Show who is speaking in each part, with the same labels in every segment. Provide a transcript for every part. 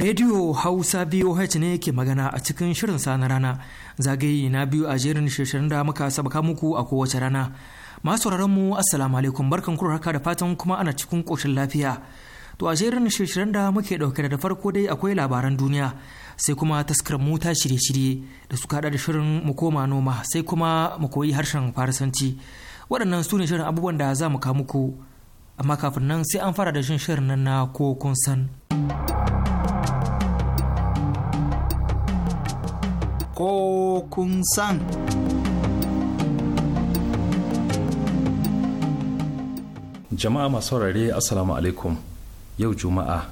Speaker 1: Radio Hausa VOH ne ke magana a cikin shirin sa rana zagaye na biyu a jerin shirin da muka sabaka muku a kowace rana. Masu mu Assalamu alaikum barkan kuro haka da fatan kuma ana cikin ƙoshin lafiya. To a jerin shirin da muke ɗauke da farko dai akwai labaran duniya sai kuma taskar mota shirye-shirye da suka da shirin mu koma noma sai kuma mu koyi harshen farisanci. Waɗannan su ne shirin abubuwan da za mu kawo muku amma kafin nan sai an fara da shirin nan na ko kun san. ko kun san.
Speaker 2: Jama'a masu saurare Assalamu alaikum yau Juma'a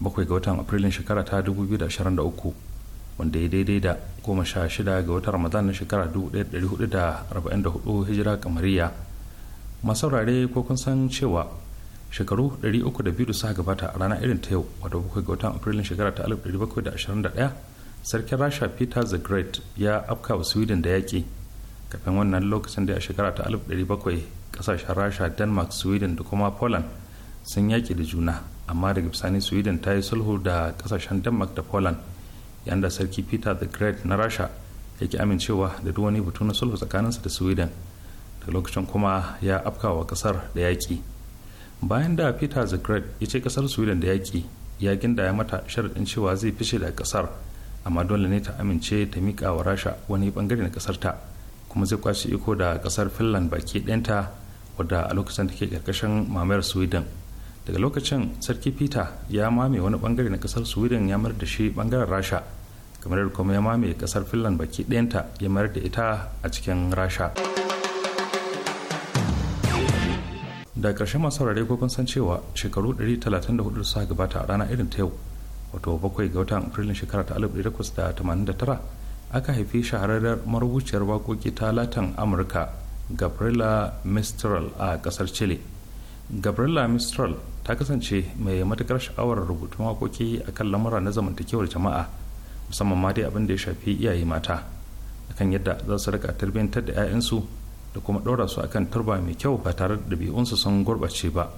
Speaker 2: bakwai ga watan Afrilun shekara ta 2023 wanda ya daidai da goma sha shida ga watan Ramadan na shekara 1444 hijira kamariya. Masu saurare ko kun san cewa shekaru 302 da suka gabata a ranar irin ta yau wadda bakwai ga watan Afrilun shekara ta 1721 sarkin rasha peter the great ya afka wa sweden da yaƙi kafin wannan lokacin da a shekara ta 1700 kasashen rasha denmark sweden da kuma poland sun yaƙi da juna amma daga bisani sweden ta yi sulhu da kasashen denmark da poland yadda sarki peter the great na rasha ya ki amincewa da duk wani batu na sulhu tsakaninsa da sweden da lokacin kuma ya afka wa kasar da yaƙi bayan da peter the great ya ce kasar sweden da yaƙi ya ginda ya mata sharaɗin cewa zai fice da kasar amma dole ne ta amince ta miƙa wa rasha wani bangare na ƙasar ta kuma zai kwashi iko da ƙasar finland baki ɗanta wadda a lokacin take karkashin mamayar sweden daga lokacin sarki peter ya mame wani bangare na ƙasar sweden ya mayar da shi bangaren rasha kamar da kuma ya mame ƙasar finland baki ɗanta ya mayar da ita a cikin rasha da ƙarshen masu saurare ko kun san cewa shekaru 134 suka gabata a rana irin ta yau wato bakwai ga watan afrilun shekara ta alif tara aka haifi shahararren marubuciyar waƙoƙi ta latin amurka gabriela mistral a ƙasar chile gabriela mistral ta kasance mai matuƙar sha'awar rubutun wakoki a kan lamura na zamantakewar jama'a musamman ma dai abin da ya shafi iyaye mata kan yadda za su rika tarbiyantar da 'ya'yansu da kuma ɗaura su akan turba mai kyau ba tare da ɗabi'unsu sun gurɓace ba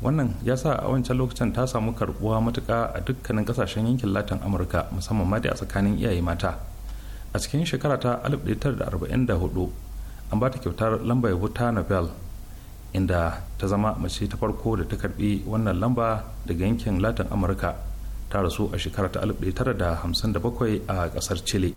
Speaker 2: wannan ya sa a wancan lokacin ta samu karbuwa matuka a dukkanin kasashen yankin latin amurka musamman ma da a tsakanin iyaye mata a cikin shekara ta 1944 an ba ta kyautar lamba yabo ta nobel inda ta zama mace ta farko da ta karbi wannan lamba daga yankin latin amurka ta rasu a shekara ta 1957 a kasar chile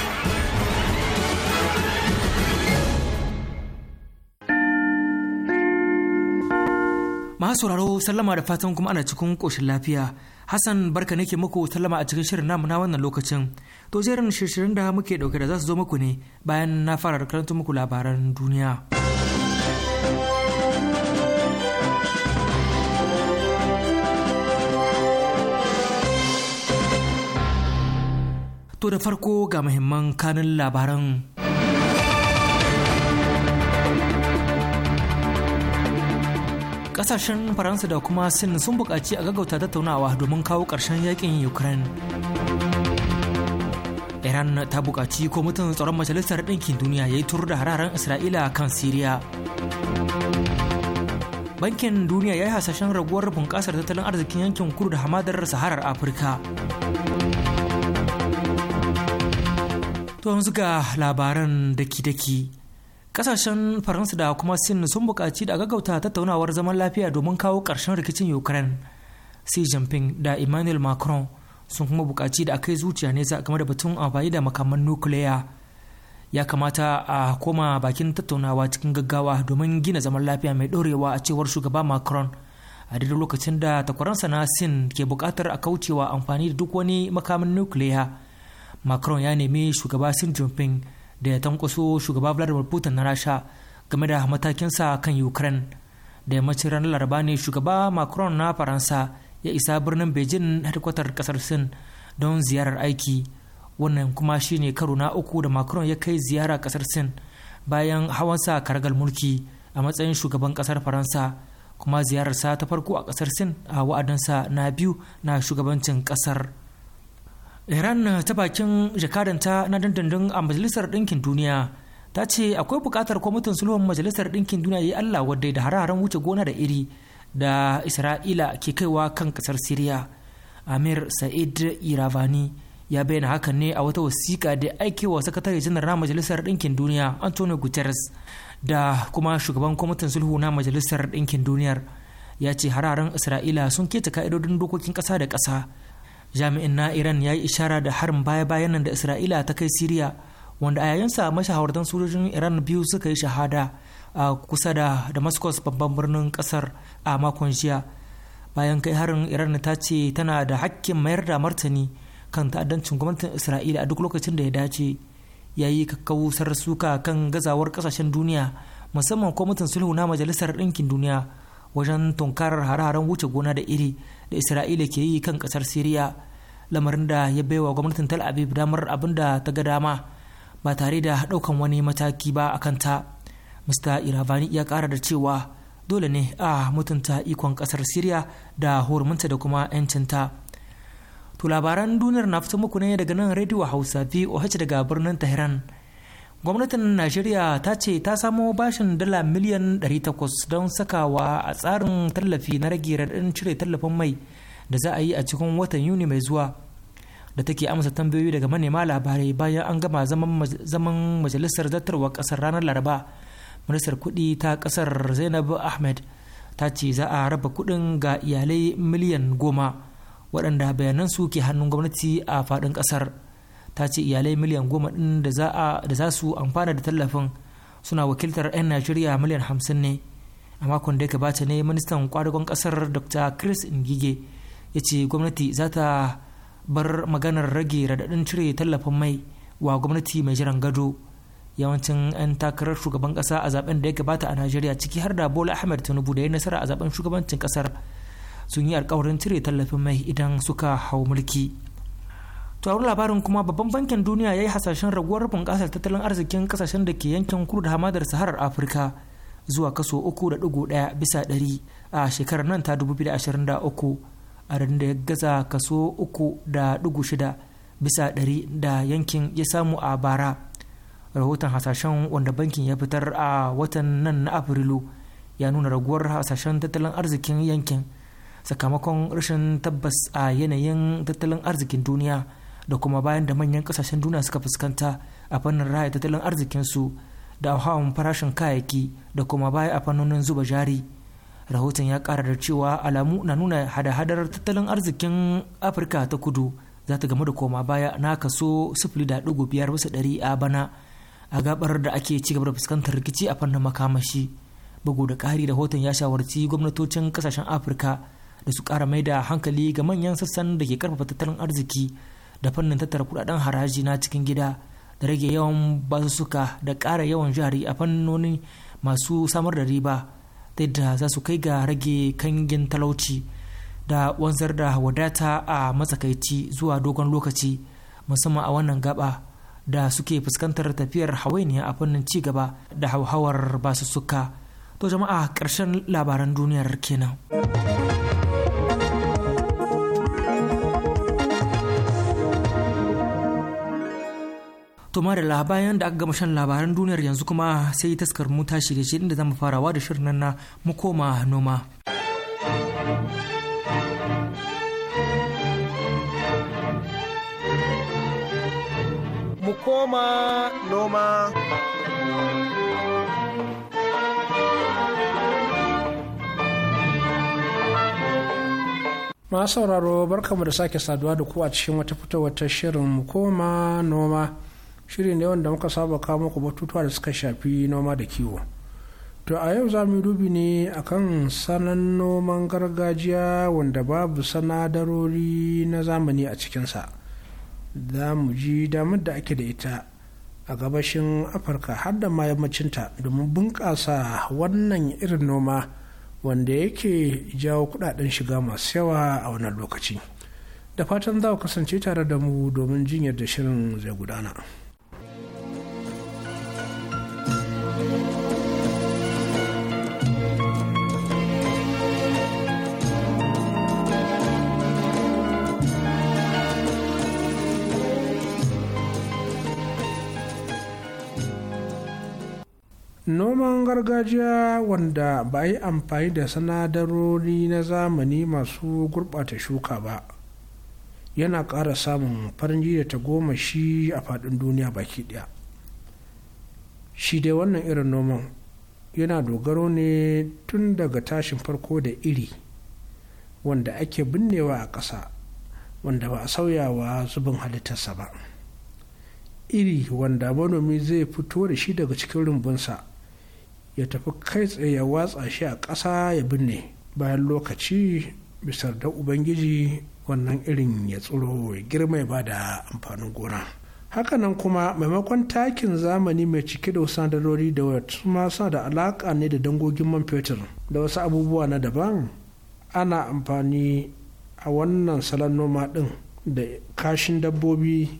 Speaker 1: sauraro sallama da fatan kuma ana cikin koshin lafiya. Hassan barka nake muku sallama a cikin shirin namu na wannan lokacin. To jerin shirin da muke ɗauke da za su zo muku ne bayan na fara karanta muku labaran duniya. To da farko ga muhimman kanin labaran kasashen faransa da kuma sin sun buƙaci a gaggauta tattaunawa domin kawo ƙarshen yakin ukraine iran ta buƙaci kwamitin tsaron majalisar ɗinkin duniya ya yi tur da hararen isra'ila kan siriya bankin duniya ya yi hasashen raguwar bunƙasar tattalin arzikin yankin kudu da hamadar saharar afirka to yanzu ga labaran daki-daki kasashen faransa da kuma sin sun buƙaci da gaggauta tattaunawar zaman lafiya domin kawo karshen rikicin ukraine xi jinping da emmanuel macron sun kuma bukaci da kai zuciya nesa game da batun amfani da makaman nukiliya ya kamata a koma bakin tattaunawa cikin gaggawa domin gina zaman lafiya mai ɗorewa a cewar shugaba macron a daidai lokacin da takwaransa na sin ke bukatar a kaucewa amfani da duk wani makamin nukiliya macron ya nemi shugaba xi jinping da ya tankwaso shugaba vladimir putin na rasha game da matakinsa kan ukraine da yammacin ranar laraba ne shugaba macron na faransa ya isa birnin beijing hedkwatar kasar sin don ziyarar aiki wannan kuma shine karo na uku da macron ya kai ziyara kasar sin bayan hawansa karagal mulki a matsayin shugaban kasar faransa kuma ziyararsa ta farko a kasar sin a wa'adinsa na biyu na shugabancin kasar iran ta bakin jakadanta na dandandun a majalisar ɗinkin duniya ta ce akwai buƙatar kwamitin sulhun majalisar ɗinkin duniya ya allah wadda da hararen wuce gona da iri da isra'ila ke kaiwa kan ƙasar siriya amir sa'id iravani ya bayyana hakan ne a wata wasiƙa da aikewa sakatare janar na majalisar ɗinkin duniya antonio guterres da kuma shugaban kwamitin sulhu na majalisar ɗinkin duniyar ya ce hararen isra'ila sun keta ka'idodin dokokin ƙasa da kasa. jami'in na iran ya yi ishara da harin baya-bayan nan da isra'ila ta kai siriya wanda a yayinsa mashahawartan sojojin iran biyu suka yi shahada a kusa da damascus babban birnin kasar a makon jiya bayan kai harin iran ta ce tana da hakkin mayar da martani kan ta'addancin gwamnatin isra'ila a duk lokacin da ya dace ya yi kakkausar suka kan gazawar kasashen duniya musamman kwamitin sulhu na majalisar ɗinkin duniya wajen tunkarar hare-haren wuce gona da iri da isra'ila ke yi kan kasar siriya lamarin da ya baiwa gwamnatin tel aviv damar abin da ta ga dama ba tare da ɗaukan wani mataki ba a kanta mista iravani ya kara da cewa dole ne a mutunta ikon kasar siriya da hurminta da kuma 'yancinta to labaran duniyar na fito muku ne daga nan rediyo hausa voh daga birnin tehran gwamnatin najeriya ta ce ta samo bashin dala miliyan 800 don sakawa a tsarin tallafi na rage raɗin cire tallafin mai da za a yi a cikin watan yuni mai zuwa da take amsa tambayoyi daga manema labarai bayan an gama zaman majalisar zartarwa kasar ranar laraba ministar kuɗi ta kasar zainab ahmed ta ce za a raba kuɗin ga iyalai miliyan goma waɗanda bayanansu ke hannun gwamnati a faɗin ƙasar. ta ce iyalai miliyan goma ɗin da za su amfana da tallafin suna wakiltar 'yan najeriya miliyan hamsin ne a makon da ya gabata ne ministan kwadagon kasar dr chris ngige ya ce gwamnati za ta bar maganar rage radadin cire tallafin mai wa gwamnati mai jiran gado yawancin 'yan takarar shugaban kasa a zaben da ya gabata a najeriya ciki har da bola ahmed tinubu da ya nasara a zaben shugabancin kasar sun yi alkawarin cire tallafin mai idan suka hau mulki tuwar labarin kuma babban bankin duniya ya yi hasashen raguwar bunƙasar tattalin arzikin kasashen da ke yankin kudu da hamadar saharar afirka zuwa kaso 3.1 bisa ɗari a shekarar nan ta 2023 a da ya gaza kaso 3.6 bisa ɗari da yankin ya samu a bara rahoton hasashen wanda bankin ya fitar a watan nan na afrilu ya nuna raguwar hasashen tattalin arzikin yankin sakamakon rashin tabbas a yanayin tattalin arzikin duniya da kuma bayan da manyan kasashen duniya suka fuskanta a fannin raya tattalin arzikinsu da hawan farashin kayayyaki da kuma baya a fannonin zuba jari rahoton ya kara da cewa alamu na nuna hada-hadar tattalin arzikin afirka ta kudu za ta gamu da koma baya na kaso 0.5 bisa ɗari a bana a gabar da ake ci gaba da fuskantar rikici a fannin makamashi bugu da ƙari rahoton ya shawarci gwamnatocin kasashen afirka da su ƙara mai da hankali ga manyan sassan da ke karfafa tattalin arziki da fannin tattara kudaden haraji na cikin gida da rage yawan basussuka da ƙara yawan jari a fannoni masu samar da riba ta yadda za su kai ga rage kangin talauci da wanzar da wadata a matsakaici zuwa dogon lokaci musamman a wannan gaba da suke fuskantar tafiyar hawainiya a fannin cigaba da hauhawar basussuka to jama'a ƙarshen labaran duniyar kenan. To da labayan da aka gama shan labaran duniyar yanzu kuma sai taskar mu ta shirye shi inda zamu farawa da shirin nan na mu koma noma.
Speaker 3: Mu koma noma. Masu sauraro barkamu da sake saduwa da ku a cikin wata fitowar shirin mu koma noma. shirin ne wanda muka saba kawo muku batutuwa da suka shafi noma da kiwo to a yau za mu dubi ne akan sanan noman gargajiya wanda babu sanadarori na zamani a cikinsa za mu ji damar da ake da ita a gabashin afirka har da ma yammacinta domin bunƙasa wannan irin noma wanda yake jawo kudaden shiga masu yawa a wannan lokaci da fatan za ku kasance tare da mu domin jin yadda shirin zai gudana. noman gargajiya wanda ba yi amfani da sanadarori na zamani masu gurɓata shuka ba yana ƙara samun farin da ta goma shi a faɗin duniya baki ɗaya shi dai wannan irin noman yana dogaro ne tun daga tashin farko da iri wanda ake binnewa a ƙasa wanda ba a sauyawa zubin halittarsa ba iri wanda manomi zai fito da shi daga cikin rumbunsa ya tafi kai tsaye ya watsa shi a ƙasa ya binne bayan lokaci bisar da ubangiji wannan irin ya tsiro ya girma ya bada amfanin gona hakanan kuma maimakon takin zamani mai cike da wasu dalori da wasu masu da alaƙa ne da dangogin man fetur da wasu abubuwa na daban ana amfani a wannan salon noma ɗin da kashin dabbobi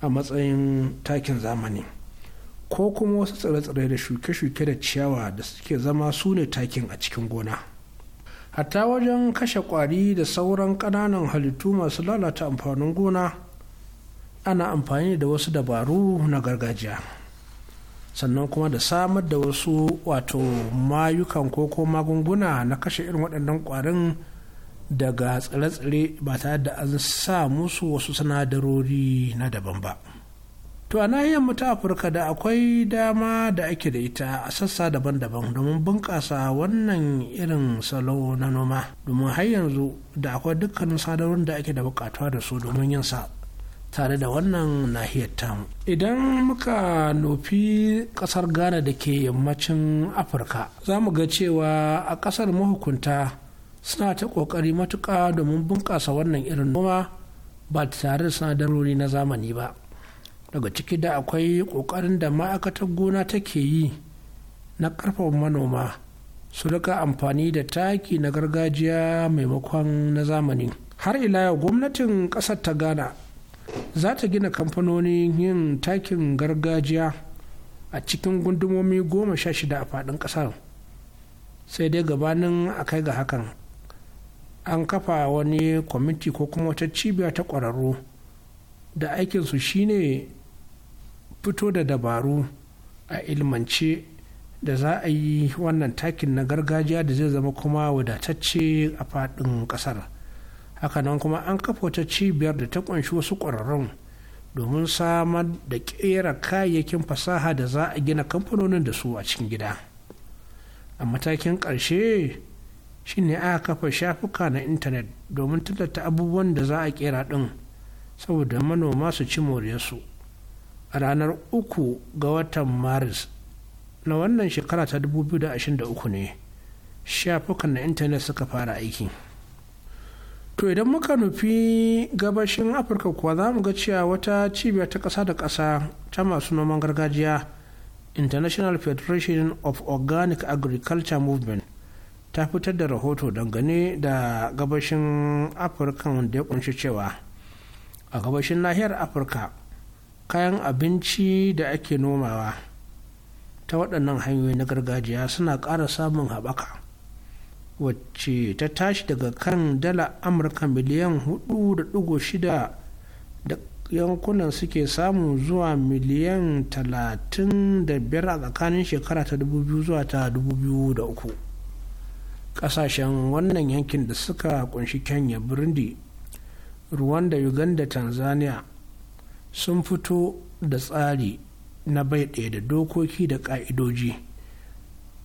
Speaker 3: a matsayin takin zamani ko kuma wasu tsire-tsire da shuke-shuke da ciyawa da suke zama su ne takin a cikin gona hatta wajen kashe kwari da sauran ƙananan halittu masu lalata amfanin gona ana amfani da wasu dabaru na gargajiya sannan kuma da samar da wasu wato mayukan ko ko magunguna na kashe irin waɗannan ƙwarin daga tsire-tsire ba tare da an sa musu wasu sinadarori na daban ba. to a nahiyar mu ta afirka da akwai dama da ake da ita a sassa daban-daban domin bunƙasa wannan irin salo na noma domin har yanzu da akwai dukkanin sadarwar da ake da bukatuwa da su domin yin sa tare da wannan nahiyar tamu idan muka nufi ƙasar ghana da ke yammacin afirka za mu ga cewa a kasar mahukunta suna ta ƙoƙari matuƙa domin bunƙasa wannan irin noma ba tare da sanadarori na zamani ba daga ciki da akwai ƙoƙarin da ma'aikatar gona take yi na ƙarfafa manoma su rika amfani da taki na gargajiya maimakon na zamani har ila yau gwamnatin ƙasar ta gana za ta gina kamfanonin yin takin gargajiya a cikin gundumomi goma sha shida a faɗin ƙasar sai dai gabanin a kai ga hakan an kafa wani kwamiti ko kuma wata cibiya ta ƙwararru da aikinsu shine fito da dabaru a ilmance da za a yi wannan takin na gargajiya da zai zama kuma wadatacce a faɗin ƙasar hakanan kuma an kafa wata cibiyar da ta ƙunshi wasu ƙwararrun domin samar da ƙera kayayyakin fasaha da za a gina kamfanonin da su a cikin gida a matakin ƙarshe shine aka kafa shafuka na intanet domin tallata abubuwan da za a ƙera ɗin saboda manoma su ci moriyarsu a ranar uku ga watan maris na wannan shekara ta 2023 ne shafukan na intanet suka fara aiki to idan muka nufi gabashin afirka kuwa za mu ga cewa wata cibiya ta ƙasa da ƙasa ta masu noman gargajiya international federation of organic agriculture movement ta fitar da rahoto dangane da gabashin afirka da ya kunshi cewa a gabashin nahiyar afirka kayan abinci da ake nomawa ta waɗannan hanyoyi na gargajiya suna ƙara samun haɓaka wacce ta tashi daga kan dala amurka miliyan 4.6 da yankunan suke samu zuwa miliyan 35 a tsakanin shekara ta 2000 zuwa ta 2003 ƙasashen wannan yankin da suka kunshi kenya burundi da uganda tanzania sun fito da tsari na bai ɗaya da dokoki da ƙa'idoji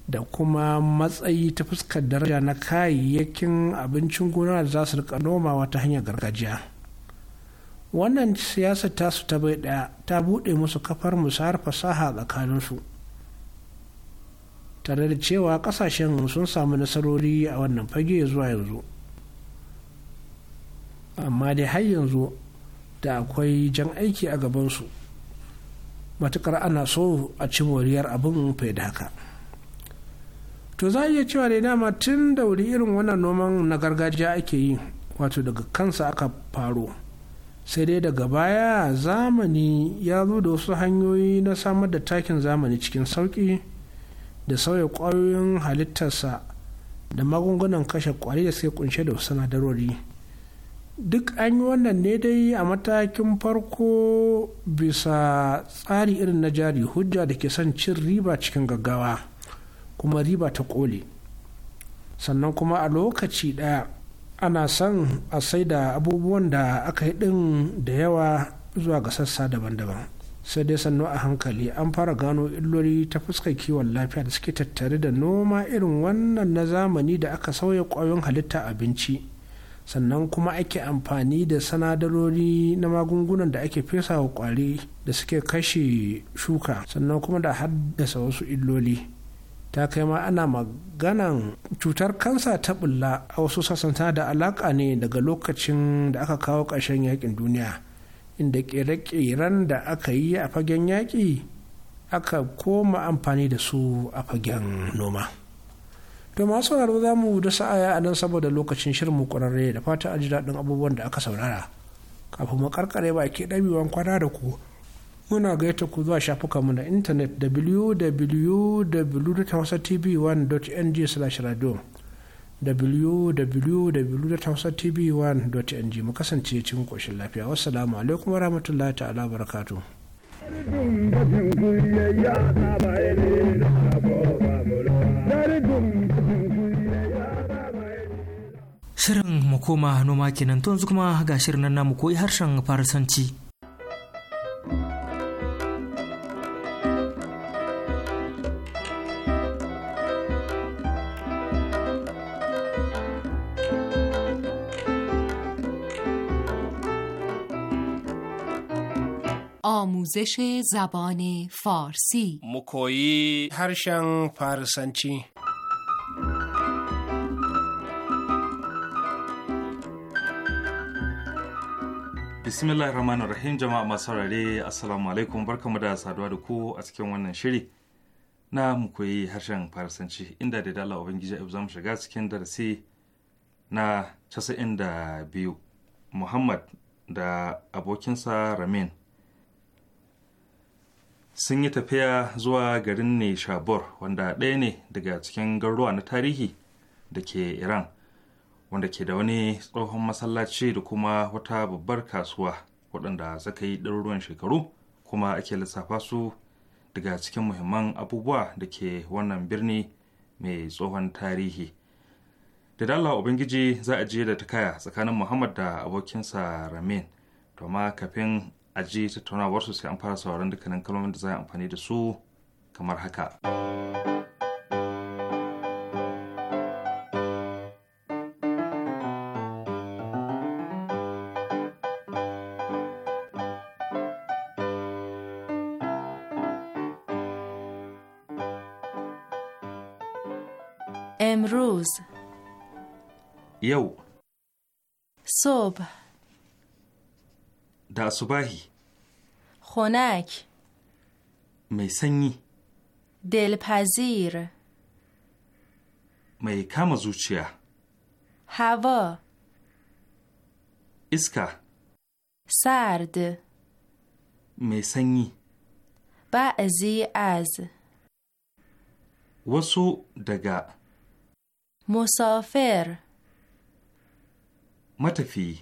Speaker 3: da kuma matsayi ta fuskar daraja na kayayyakin abincin gona da za su rika nomawa ta hanyar gargajiya wannan siyasar su ta bai ɗaya ta buɗe musu kafar har fasaha tsakaninsu tare da cewa kasashen sun samu nasarori a wannan fage zuwa yanzu amma dai har yanzu da akwai jan aiki a gabansu matukar ana so a ci moriyar abin fai da haka to za a iya cewa da dama tun da wuri irin wannan noman na gargajiya ake yi wato daga kansa aka faro sai dai daga baya zamani ya zo da wasu hanyoyi na samar da takin zamani cikin sauƙi da sauya kwayoyin halittarsa da magungunan kashe ƙwari da suke kunshe da wasu sanadarori duk an yi wannan ne dai a matakin farko bisa tsari irin na jari hujja da ke son cin riba cikin gaggawa kuma riba ta kole sannan kuma a lokaci ɗaya ana son a sai da abubuwan da aka yi ɗin da yawa zuwa ga sassa daban-daban sai dai sannu a hankali an fara gano illoli ta fuskar kiwon lafiya da suke tattare da noma irin wannan na zamani da aka sauya ƙwayoyin halitta abinci sannan kuma ake amfani da sanadarori na magungunan da ake fesa wa kwari da suke kashe shuka sannan kuma da haddasa wasu illoli ta kai ma ana maganan cutar kansa ta bulla a wasu sassanta da alaƙa ne daga lokacin da aka kawo ƙarshen yakin duniya inda kere-keren da aka yi a fagen yaƙi aka koma amfani da su a fagen noma. to masu sauraro za mu da sa'aya a nan saboda lokacin shirin mu kwararre da fata a ji daɗin abubuwan da aka saurara kafin mu karkare ba ke ɗabiwan kwana da ku muna gaita ku zuwa shafukan mu na intanet www.hausatv1.ng/radio www.hausatv1.ng mu kasance cikin koshin lafiya wassalamu alaikum rahmatullahi ta'ala barakatu.
Speaker 1: Shirin mu koma noma kenan to yanzu kuma ga shirin nan namu koyi harshen Farisanci.
Speaker 4: آموزش زبان فارسی
Speaker 3: مکویی هرشن فارسنچی
Speaker 2: bismillahir rahmanir rahim jama'a masu saurare assalamu alaikum barkamu da saduwa da ku a cikin wannan shiri na mu koyi harshen farasanci inda da dala ubangiji za mu shiga cikin darasi na biyu muhammad da abokinsa ramin sun yi tafiya zuwa garin ne shabor wanda ɗaya ne daga cikin garuruwa na tarihi da ke iran wanda ke da wani tsohon masallaci da kuma wata babbar kasuwa waɗanda suka yi ɗaruruwan shekaru kuma ake lissafa su daga cikin muhimman abubuwa da ke wannan birni mai tsohon tarihi da dalla ubangiji za a je da ta kaya tsakanin muhammad da abokinsa ramin to ma kafin a ji tattaunawarsu sai an fara sauran dukkanin kalmomin da za a amfani da su kamar haka. yau Sob. da asubahi.
Speaker 4: خنک
Speaker 2: mai sanyi
Speaker 4: دلپذیر
Speaker 2: mai kama zuciya
Speaker 4: هوا iska Sard.
Speaker 2: mai sanyi
Speaker 4: بعضی از
Speaker 2: وسو دگا
Speaker 4: مسافر متفی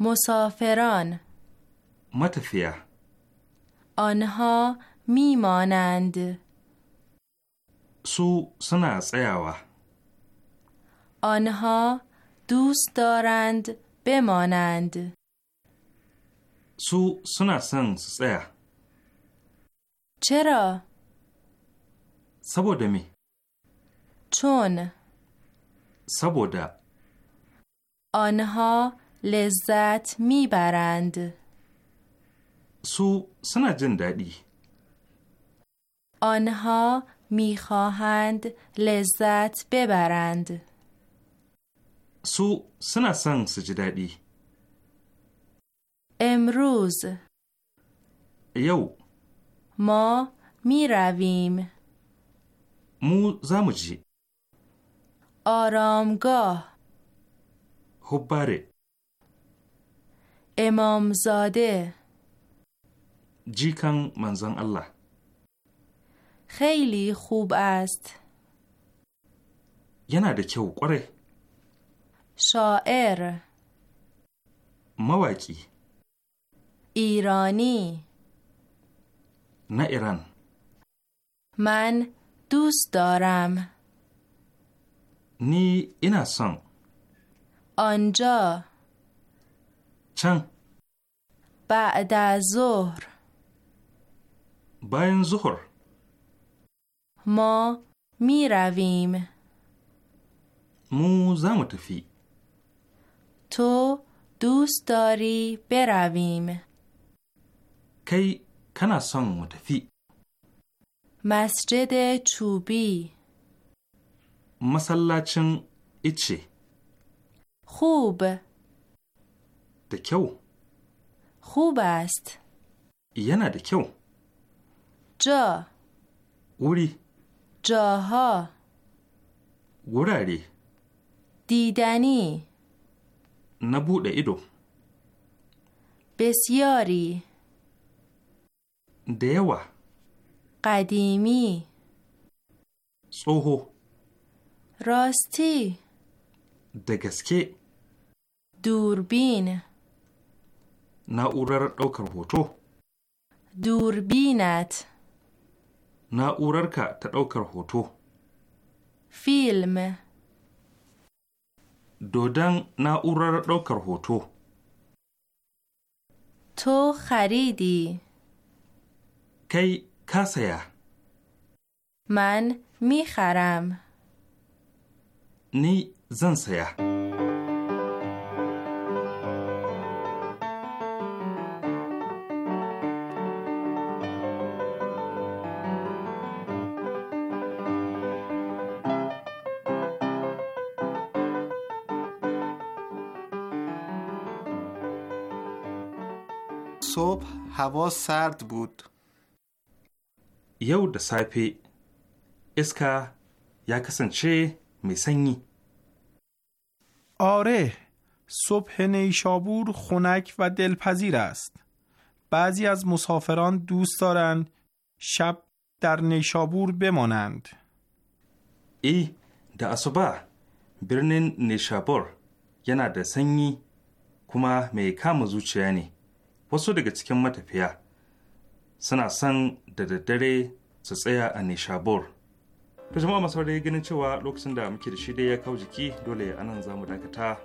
Speaker 4: مسافران متفیه آنها میمانند
Speaker 2: سو سنا سیاوه
Speaker 4: آنها دوست دارند بمانند
Speaker 2: سو سنا سن
Speaker 4: چرا سبوده می چون
Speaker 2: سبوده
Speaker 4: آنها لذت میبرند
Speaker 2: سو سنا جن دادی
Speaker 4: آنها میخواهند لذت ببرند
Speaker 2: سو سنا سن سجدادی
Speaker 4: امروز یو ما می رویم
Speaker 2: مو زمجی
Speaker 4: آرامگاه هبره خب بله. امامزاده
Speaker 2: جیکن منزن الله
Speaker 4: خیلی خوب است
Speaker 2: یه نده که قره
Speaker 4: شاعر مواکی ایرانی نه ایران من دوست دارم
Speaker 2: نی اینا سان
Speaker 4: آنجا چن بعد از ظهر
Speaker 2: باین ظهر
Speaker 4: ما می رویم
Speaker 2: مو متفی
Speaker 4: تو دوست داری برویم
Speaker 2: کی کنا سان متفی
Speaker 4: مسجد چوبی
Speaker 2: مسلاچن ایچه خوب دکو
Speaker 4: خوب است
Speaker 2: یه نه دکو جا اوری
Speaker 4: جاها گراری دیدنی
Speaker 2: نبود ایدو
Speaker 4: بسیاری دیوه قدیمی سوهو راستی
Speaker 2: دگسکی
Speaker 4: دوربین
Speaker 2: na'urar ɗaukar hoto
Speaker 4: durbinat
Speaker 2: na'urarka ta ɗaukar hoto film dodon na'urar ɗaukar hoto
Speaker 4: to kharidi
Speaker 2: kai ka saya
Speaker 4: man mi haram
Speaker 2: ni zan saya هوا سرد بود یو ده سایپی اسکا یا کسنچه میسنگی آره
Speaker 3: صبح نیشابور خنک و دلپذیر است بعضی از مسافران دوست دارند شب در نیشابور بمانند
Speaker 2: ای ده صبح برنین نیشابور یه نده سنگی کما می kama wasu daga cikin matafiya suna son da daddare su tsaya a nishabur to jama'a masu dai ganin cewa lokacin da muke da shi dai ya kawo jiki dole a nan za mu dakata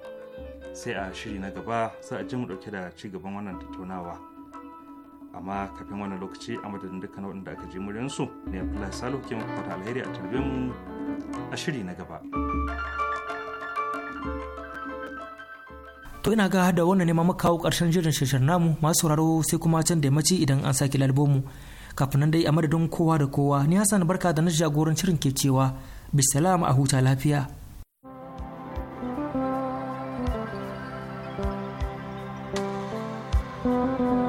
Speaker 2: sai a shiri na gaba za a ji mu dauke da ci gaban wannan tattaunawa amma kafin wannan lokaci a madadin dukkan waɗanda aka ji muryansu ne abdullahi salo ke muku fata alheri a tarbe mu a shiri na gaba.
Speaker 1: to ina ga da wannan neman muka kawo karshen jirin shirin namu masu sauraro sai kuma can da mace idan an sake lalbomu kafin nan dai a madadin kowa da kowa ni hassan barka da na jagoran shirin ke cewa bisalam a huta lafiya thank
Speaker 3: you